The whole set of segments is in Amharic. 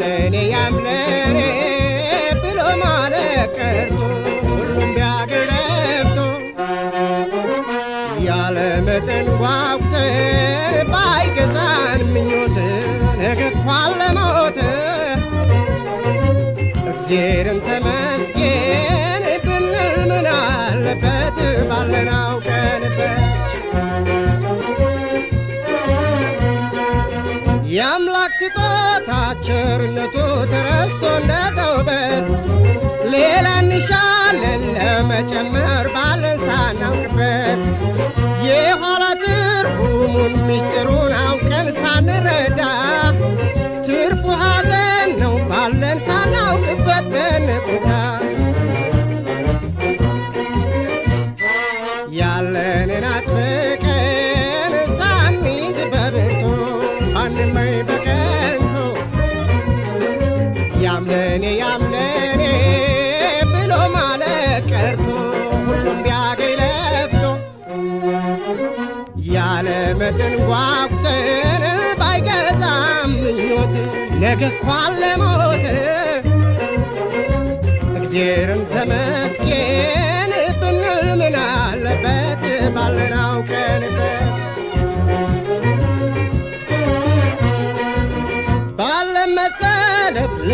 ለእኔ ያምለኔ ብሎ ማለት ቀርቶ ሁሉም ቢያገረፍቶ ያለ መጠን ጓጉተን ባይገዛን ምኞት ነገ ለሞት እግዜርን ተመስገን ብንል ምን አለበት ባለን ስጦታ ቸርነቱ ተረስቶ እንደሰው ሌላ እንሻለን ለመጨመር ባለን ሳናውቅበት የኋላ ትርጉሙን ምስጢሩን አውቀን ሳንረዳ ትርፉ ሐዘን ነው ባለን ሳናውቅበት በንቁታ ያለ ያምለኔ ያምለኔ ብሎ ማለት ቀርቶ ሁሉም ቢያገኝ ለፍቶ ያለ መጠን ጓጉተን ባይገዛም ምኞት ነገ እኮ አለ እግዜርን ተመስገን ብንል ምን አለበት ባለን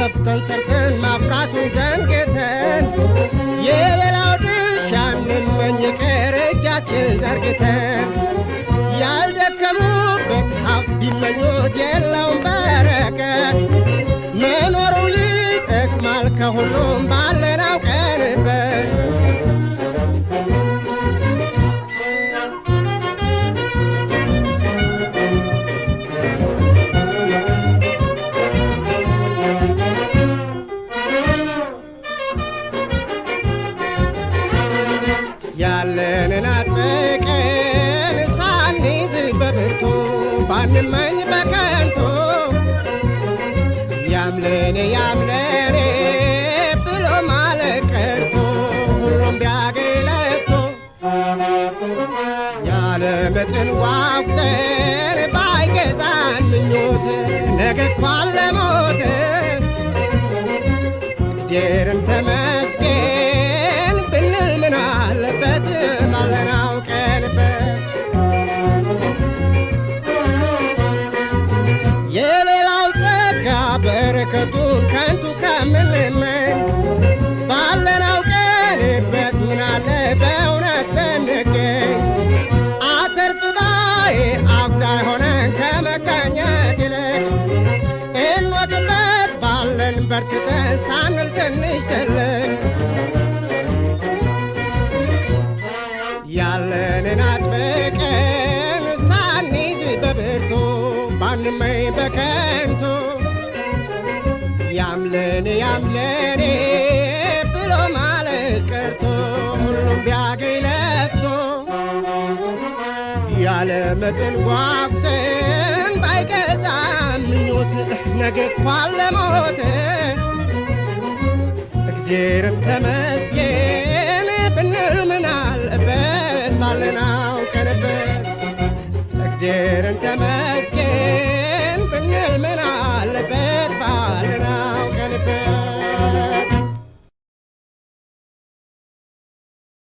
ከፍተን ሰርተን ማፍራቱን ዘንግተን የሌላው ድርሻ እንመኝ ቀር እጃችን ዘርግተን ያልደከሙበት ሀብት ቢመኙት የለውም በረከት መኖሩ ይጠቅማል ከሁሉም ባለ ባንመኝ በከንቱ ያምለኔ ያምለኔ ብሎ ማለት ሁሉም ቢያገለፍቶ ያለ መጠን ዋቁጠን ባይገዛን ምኞት ነገ ተመስገን በረከቱን ከንቱ ከምልመን ባለን አውቀንበት ምናለ በእውነት ብንገኝ አትርፍ ባይ አጉዳይ ሆነን ከመቃኘት ይልቅ እንወድበት ባለን በርትተን ሳንል ትንሽ ትልቅ ያለንን አጥብቀን ሳንይዝ በብርቱ ባንመኝ በከንቱ ያምለኔ ያምለኔ ብሎ ማለት ቀርቶ ሁሉም ቢያገኝ ለፍቶ ያለ መጠን ጓጉተን ባይገዛ ምኞት ነገ እንኳን ለሞት እግዜርም ተመስገን ብንል ምን አለበት ባለን አውቀንበት እግዜርን ተመስገን ብንል ምን